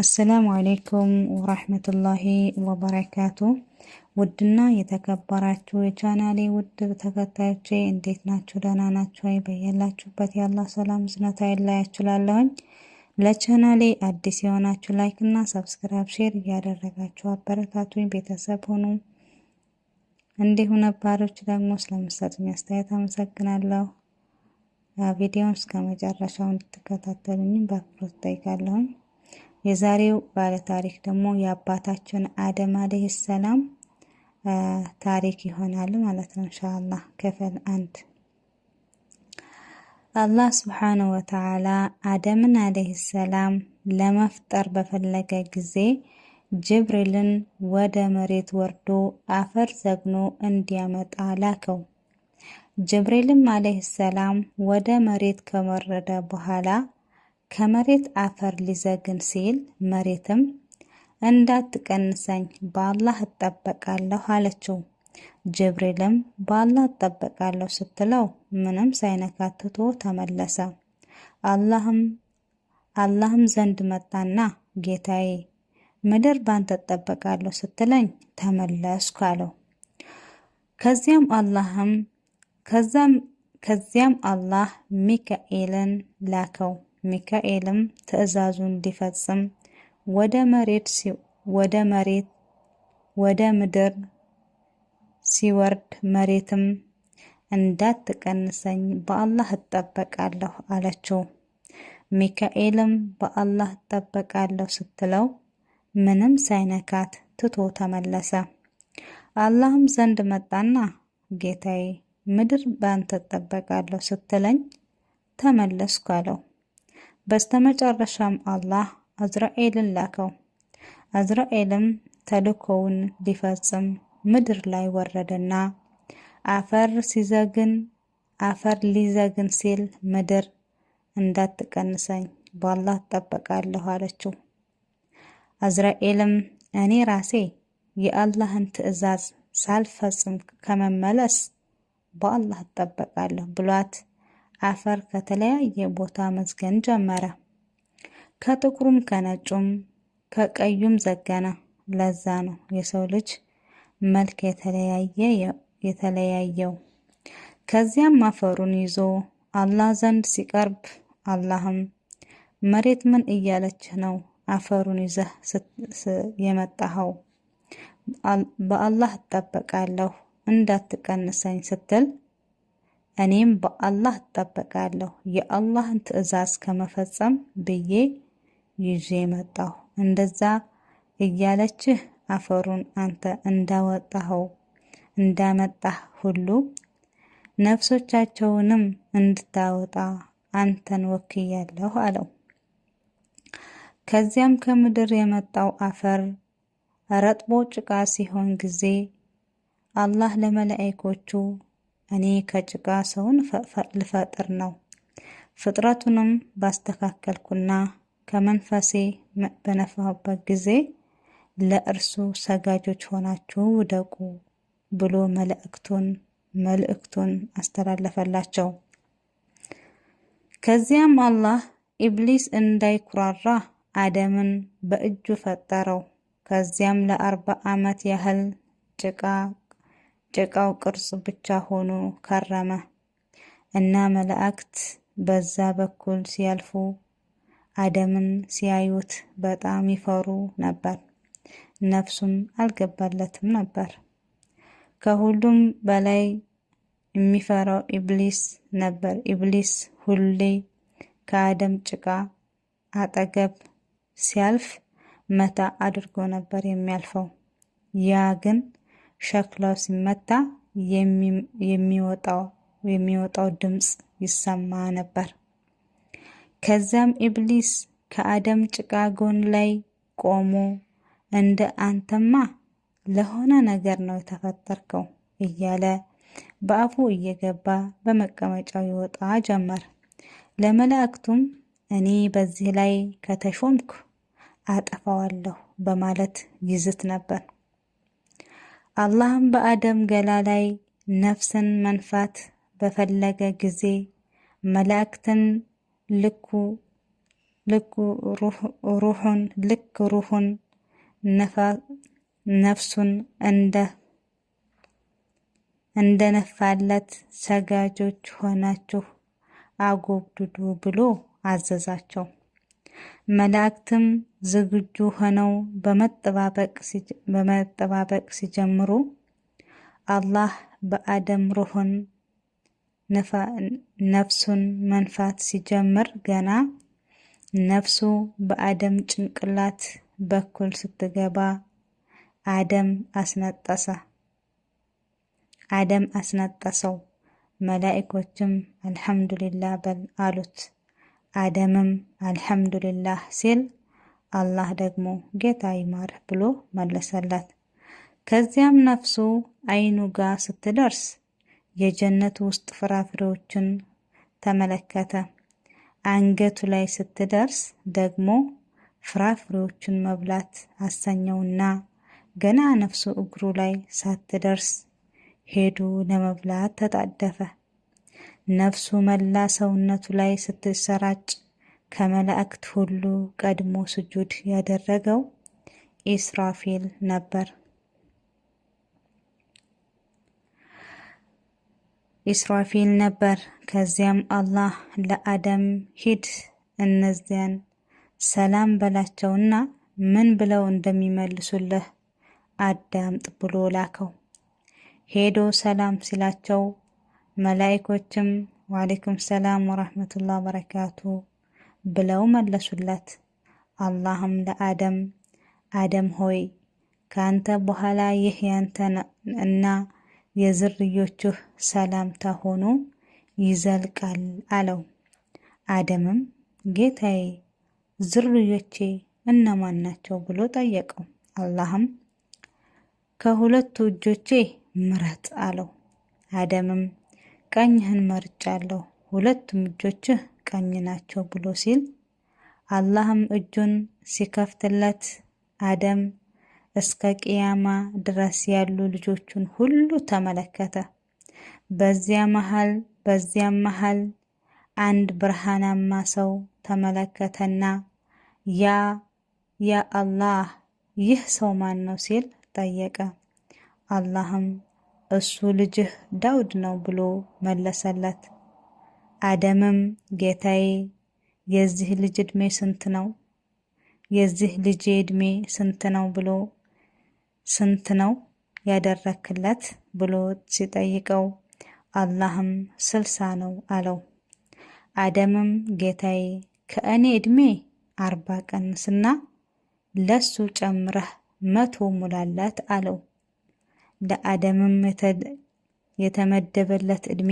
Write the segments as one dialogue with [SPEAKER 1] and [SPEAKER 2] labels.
[SPEAKER 1] አሰላሙ አሌይኩም ወራህመቱላሂ ወበረካቱ። ውድና የተከበራችሁ የቻናሌ ውድ ተከታዮቼ እንዴት ናችሁ? ደህና ናችሁ ወይ? በያላችሁበት ያላ ሰላም ዝነታ ይለያችላለሁኝ። ለቻናሌ አዲስ የሆናችሁ ላይክ እና ሰብስክራይብ፣ ሼር እያደረጋችሁ አበረታቱኝ ቤተሰብ ሆኑ። እንዲሁ ነባሮች ደግሞ ስለምሰጡኝ አስተያየት አመሰግናለሁ። ቪዲዮን እስከ መጨረሻው እንድትከታተሉኝ በአክብሮት ጠይቃለሁኝ። የዛሬው ባለታሪክ ደግሞ የአባታችን አደም አለህ ሰላም ታሪክ ይሆናል ማለት ነው። ኢንሻአላህ ክፍል አንድ። አላህ ስብሓነሁ ወተዓላ አደምን አለህ ሰላም ለመፍጠር በፈለገ ጊዜ ጅብሪልን ወደ መሬት ወርዶ አፈር ዘግኖ እንዲያመጣ ላከው። ጅብሪልም አለህ ሰላም ወደ መሬት ከወረደ በኋላ ከመሬት አፈር ሊዘግን ሲል መሬትም እንዳትቀንሰኝ በአላህ እጠበቃለሁ አለችው። ጅብሪልም በአላህ እጠበቃለሁ ስትለው ምንም ሳይነካትቶ ተመለሰ። አላህም አላህም ዘንድ መጣና ጌታዬ ምድር ባንተ እጠበቃለሁ ስትለኝ ተመለስኩ አለው። ከዚያም አላህም ከዚያም አላህ ሚካኤልን ላከው ሚካኤልም ትእዛዙን እንዲፈጽም ወደ መሬት ወደ ምድር ሲወርድ መሬትም እንዳትቀንሰኝ በአላህ እጠበቃለሁ አለችው። ሚካኤልም በአላህ እጠበቃለሁ ስትለው ምንም ሳይነካት ትቶ ተመለሰ። አላህም ዘንድ መጣና ጌታዬ ምድር ባንተ እጠበቃለሁ ስትለኝ ተመለስኩ አለው። በስተመጨረሻም አላህ አዝራኤልን ላከው። አዝራኤልም ተልእኮውን ሊፈጽም ምድር ላይ ወረደና አፈር ሲዘግን አፈር ሊዘግን ሲል ምድር እንዳትቀንሰኝ በአላህ እጠበቃለሁ አለችው። አዝራኤልም እኔ ራሴ የአላህን ትዕዛዝ ሳልፈጽም ከመመለስ በአላህ ትጠበቃለሁ ብሏት አፈር ከተለያየ ቦታ መዝገን ጀመረ። ከጥቁሩም ከነጩም ከቀዩም ዘገነ። ለዛ ነው የሰው ልጅ መልክ የተለያየ የተለያየው። ከዚያም አፈሩን ይዞ አላህ ዘንድ ሲቀርብ አላህም መሬት ምን እያለች ነው አፈሩን ይዘህ የመጣኸው? በአላህ እጠበቃለሁ እንዳትቀንሰኝ ስትል እኔም በአላህ እጠበቃለሁ የአላህን ትዕዛዝ ከመፈጸም ብዬ ይዤ መጣሁ። እንደዛ እያለችህ አፈሩን አንተ እንዳወጣኸው እንዳመጣህ ሁሉ ነፍሶቻቸውንም እንድታወጣ አንተን ወክያለሁ አለው። ከዚያም ከምድር የመጣው አፈር ረጥቦ ጭቃ ሲሆን ጊዜ አላህ ለመላእኮቹ እኔ ከጭቃ ሰውን ልፈጥር ነው፣ ፍጥረቱንም ባስተካከልኩና ከመንፈሴ በነፋሁበት ጊዜ ለእርሱ ሰጋጆች ሆናችሁ ውደቁ ብሎ መልእክቱን መልእክቱን አስተላለፈላቸው። ከዚያም አላህ ኢብሊስ እንዳይኩራራ አደምን በእጁ ፈጠረው። ከዚያም ለአርባ ዓመት ያህል ጭቃ ጭቃው ቅርጽ ብቻ ሆኖ ከረመ እና መላእክት በዛ በኩል ሲያልፉ አደምን ሲያዩት በጣም ይፈሩ ነበር። ነፍሱም አልገባለትም ነበር። ከሁሉም በላይ የሚፈራው ኢብሊስ ነበር። ኢብሊስ ሁሌ ከአደም ጭቃ አጠገብ ሲያልፍ መታ አድርጎ ነበር የሚያልፈው። ያ ግን ሸክላው ሲመታ የሚወጣው ድምፅ ይሰማ ነበር። ከዚያም ኢብሊስ ከአደም ጭቃ ጎን ላይ ቆሞ እንደ አንተማ ለሆነ ነገር ነው የተፈጠርከው እያለ በአፉ እየገባ በመቀመጫው ይወጣ ጀመር። ለመላእክቱም እኔ በዚህ ላይ ከተሾምኩ አጠፋዋለሁ በማለት ይዝት ነበር። አላህም በአደም ገላ ላይ ነፍስን መንፋት በፈለገ ጊዜ መላእክትን ልኩ ልክ ሩሑን ልክ ሩሑን ነፍሱን እንደ እንደነፋለት ሰጋጆች ሆናችሁ አጎብድዱ ብሎ አዘዛቸው። መላእክትም ዝግጁ ሆነው በመጠባበቅ ሲጀምሩ አላህ በአደም ሩህን ነፍሱን መንፋት ሲጀምር ገና ነፍሱ በአደም ጭንቅላት በኩል ስትገባ አደም አስነጠሰ። አደም አስነጠሰው። መላእኮችም አልሐምዱሊላህ በል አሉት። አደምም አልሐምዱሊላህ ሲል አላህ ደግሞ ጌታ ይማር ብሎ መለሰላት። ከዚያም ነፍሱ አይኑ ጋር ስትደርስ የጀነት ውስጥ ፍራፍሬዎችን ተመለከተ። አንገቱ ላይ ስትደርስ ደግሞ ፍራፍሬዎችን መብላት አሰኘውና ገና ነፍሱ እግሩ ላይ ሳትደርስ ሄዱ ለመብላት ተጣደፈ። ነፍሱ መላ ሰውነቱ ላይ ስትሰራጭ ከመላእክት ሁሉ ቀድሞ ስጁድ ያደረገው ኢስራፊል ነበር። ኢስራፊል ነበር። ከዚያም አላህ ለአደም ሂድ እነዚያን ሰላም በላቸውና ምን ብለው እንደሚመልሱልህ አዳምጥ ብሎ ላከው። ሄዶ ሰላም ሲላቸው መላይኮችም ወአለይኩም ሰላም ወራህመቱላህ በረካቱ ብለው መለሱለት። አላህም ለአደም አደም ሆይ ከአንተ በኋላ ይህ ያንተ እና የዝርዮችህ ሰላምታ ሆኖ ይዘልቃል አለው። አደምም ጌታዬ ዝርዮቼ እነማን ናቸው ብሎ ጠየቀው። አላህም ከሁለቱ እጆቼ ምረጥ አለው። አደምም ቀኝህን መርጫለሁ ሁለቱም እጆችህ ቀኝ ናቸው ብሎ ሲል አላህም እጁን ሲከፍትለት አደም እስከ ቅያማ ድረስ ያሉ ልጆቹን ሁሉ ተመለከተ። በዚያ መሃል በዚያም መሃል አንድ ብርሃናማ ሰው ተመለከተና ያ ያ አላህ ይህ ሰው ማን ነው ሲል ጠየቀ። አላህም እሱ ልጅህ ዳውድ ነው ብሎ መለሰለት። አደምም ጌታዬ፣ የዚህ ልጅ እድሜ ስንት ነው? የዚህ ልጅ እድሜ ስንት ነው ብሎ ስንት ነው ያደረክለት ብሎ ሲጠይቀው አላህም ስልሳ ነው አለው። አደምም ጌታዬ፣ ከእኔ እድሜ አርባ ቀንስና ለሱ ጨምረህ መቶ ሙላለት አለው። ለአደምም የተመደበለት ዕድሜ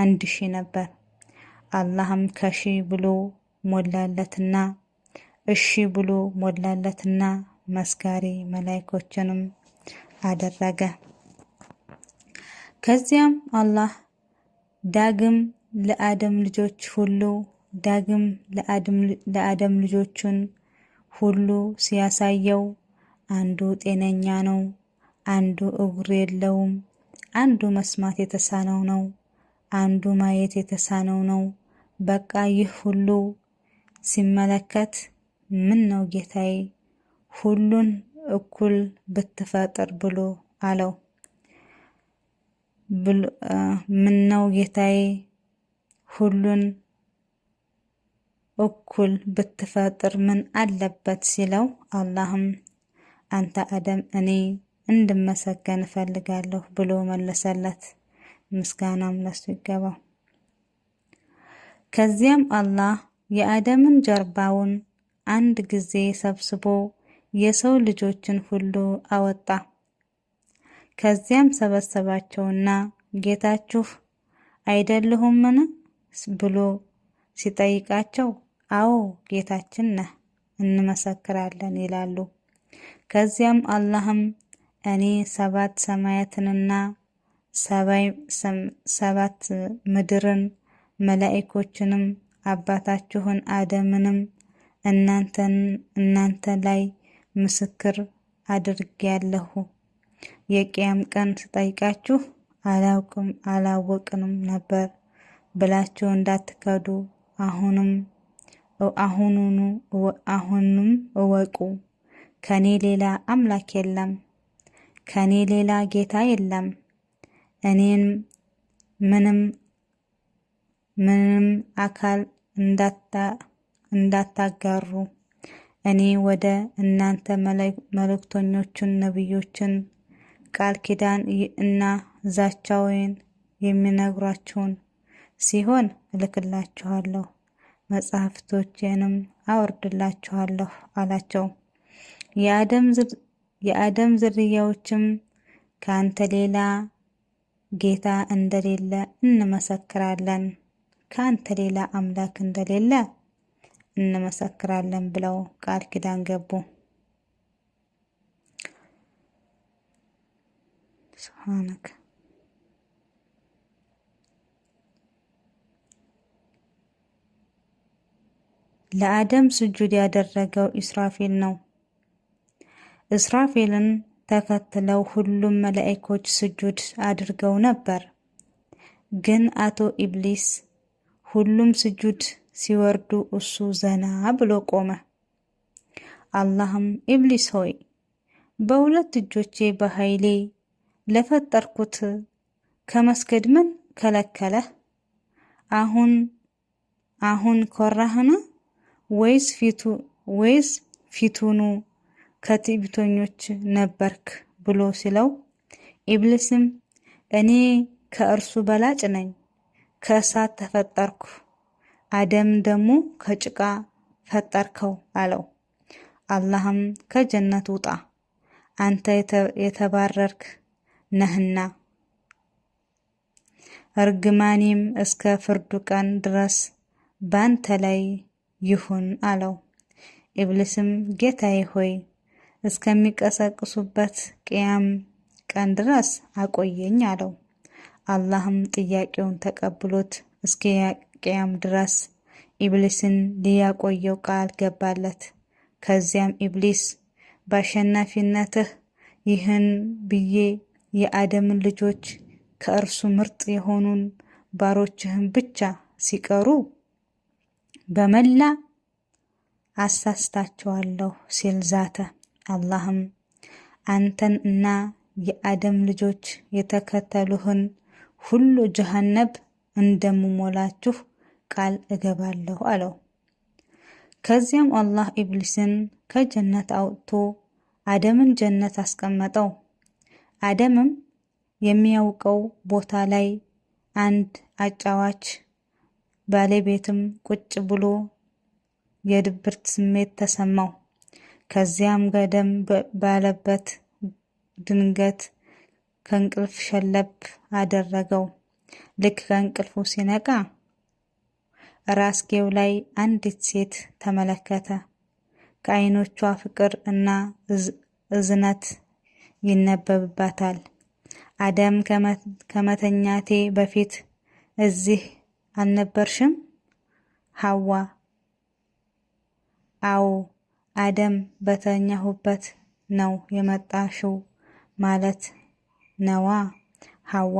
[SPEAKER 1] አንድ ሺህ ነበር። አላህም ከሺ ብሎ ሞላለትና እሺ ብሎ ሞላለትና መስጋሪ መላይኮችንም አደረገ። ከዚያም አላህ ዳግም ለአደም ልጆች ሁሉ ዳግም ለአደም ልጆቹን ሁሉ ሲያሳየው አንዱ ጤነኛ ነው፣ አንዱ እግር የለውም፣ አንዱ መስማት የተሳነው ነው፣ አንዱ ማየት የተሳነው ነው። በቃ ይህ ሁሉ ሲመለከት ምን ነው ጌታዬ ሁሉን እኩል ብትፈጥር ብሎ አለው። ምን ነው ጌታዬ ሁሉን እኩል ብትፈጥር ምን አለበት ሲለው፣ አላህም አንተ አደም እኔ እንድመሰገን እፈልጋለሁ ብሎ መለሰለት። ምስጋናም ለሱ ይገባው። ከዚያም አላህ የአደምን ጀርባውን አንድ ጊዜ ሰብስቦ የሰው ልጆችን ሁሉ አወጣ። ከዚያም ሰበሰባቸውና ጌታችሁ አይደለሁምን ብሎ ሲጠይቃቸው አዎ ጌታችን ነህ እንመሰክራለን ይላሉ። ከዚያም አላህም እኔ ሰባት ሰማያትንና ሰባት ምድርን መላእኮችንም አባታችሁን አደምንም እናንተ ላይ ምስክር አድርጌያለሁ። የቅያም ቀን ስጠይቃችሁ አላውቅም አላወቅንም ነበር ብላችሁ እንዳትከዱ አሁንም አሁኑኑ አሁንም እወቁ ከኔ ሌላ አምላክ የለም። ከእኔ ሌላ ጌታ የለም፣ እኔን ምንም ምንም አካል እንዳታጋሩ እኔ ወደ እናንተ መልእክተኞችን ነቢዮችን ቃል ኪዳን እና ዛቻውን የሚነግሯችሁን ሲሆን እልክላችኋለሁ፣ መጻሕፍቶቼንም አወርድላችኋለሁ አላቸው። የአደም የአደም ዝርያዎችም ከአንተ ሌላ ጌታ እንደሌለ እንመሰክራለን፣ ከአንተ ሌላ አምላክ እንደሌለ እንመሰክራለን ብለው ቃል ኪዳን ገቡ። ሱብሃነከ ለአደም ስጁድ ያደረገው ኢስራፊል ነው። እስራፌልን ተከትለው ሁሉም መላእክቶች ስጁድ አድርገው ነበር። ግን አቶ ኢብሊስ ሁሉም ስጁድ ሲወርዱ እሱ ዘና ብሎ ቆመ። አላህም ኢብሊስ ሆይ በሁለት እጆቼ በኃይሌ ለፈጠርኩት ከመስገድ ምን ከለከለህ? አሁን አሁን ኮራህና ወይስ ፊቱ ወይስ ፊቱኑ ከትዕቢተኞች ነበርክ ብሎ ሲለው ኢብሊስም እኔ ከእርሱ በላጭ ነኝ፣ ከእሳት ተፈጠርኩ፣ አደም ደግሞ ከጭቃ ፈጠርከው አለው። አላህም ከጀነት ውጣ አንተ የተባረርክ ነህና እርግማኔም እስከ ፍርዱ ቀን ድረስ ባንተ ላይ ይሁን አለው። ኢብሊስም ጌታዬ ሆይ እስከሚቀሰቅሱበት ቅያም ቀን ድረስ አቆየኝ አለው። አላህም ጥያቄውን ተቀብሎት እስከ ቅያም ድረስ ኢብሊስን ሊያቆየው ቃል ገባለት። ከዚያም ኢብሊስ በአሸናፊነትህ ይህን ብዬ የአደምን ልጆች ከእርሱ ምርጥ የሆኑን ባሮችህን ብቻ ሲቀሩ በመላ አሳስታቸዋለሁ ሲል ዛተ። አላህም አንተን እና የአደም ልጆች የተከተሉህን ሁሉ ጀሃነብ እንደምሞላችሁ ቃል እገባለሁ አለው። ከዚያም አላህ ኢብሊስን ከጀነት አውጥቶ አደምን ጀነት አስቀመጠው። አደምም የሚያውቀው ቦታ ላይ አንድ አጫዋች ባለቤትም ቁጭ ብሎ የድብርት ስሜት ተሰማው። ከዚያም ገደም ባለበት ድንገት ከእንቅልፍ ሸለብ አደረገው። ልክ ከእንቅልፉ ሲነቃ ራስጌው ላይ አንዲት ሴት ተመለከተ። ከዓይኖቿ ፍቅር እና እዝነት ይነበብባታል። አደም ከመተኛቴ በፊት እዚህ አልነበርሽም? ሐዋ አዎ አደም በተኛሁበት ነው የመጣሽው ማለት ነዋ። ሐዋ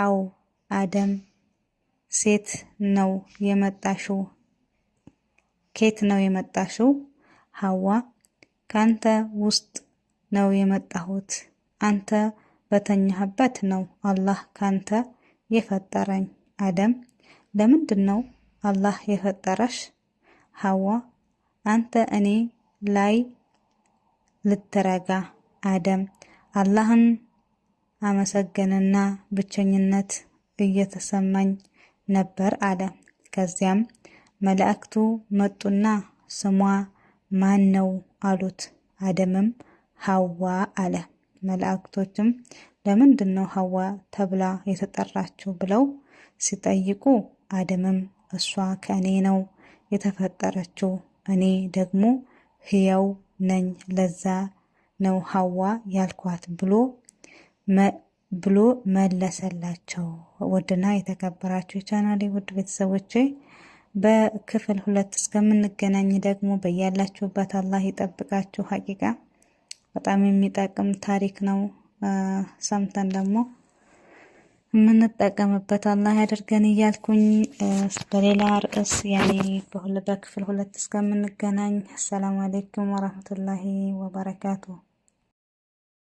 [SPEAKER 1] አው አደም ሴት ነው የመጣሽው ኬት ነው የመጣሽው? ሐዋ ካንተ ውስጥ ነው የመጣሁት። አንተ በተኛህበት ነው አላህ ካንተ የፈጠረኝ። አደም ለምንድን ነው አላህ የፈጠረሽ? ሐዋ አንተ እኔ ላይ ልትረጋ አደም አላህን አመሰገንና ብቸኝነት እየተሰማኝ ነበር አለ። ከዚያም መላእክቱ መጡና ስሟ ማን ነው አሉት። አደምም ሀዋ አለ። መላእክቶችም ለምንድን ነው ሀዋ ተብላ የተጠራችው ብለው ሲጠይቁ አደምም እሷ ከእኔ ነው የተፈጠረችው እኔ ደግሞ ህያው ነኝ ለዛ ነው ሀዋ ያልኳት ብሎ ብሎ መለሰላቸው። ውድና የተከበራችሁ የቻናሌ ውድ ቤተሰቦች በክፍል ሁለት እስከምንገናኝ ደግሞ በያላችሁበት አላህ ይጠብቃችሁ። ሀቂቃ በጣም የሚጠቅም ታሪክ ነው። ሰምተን ደግሞ የምንጠቀምበት አላህ ያደርገን እያልኩኝ በሌላ ርዕስ ያኔ በክፍል ሁለት እስከምንገናኝ አሰላሙ አሌይኩም ወራህመቱላሂ ወበረካቱ።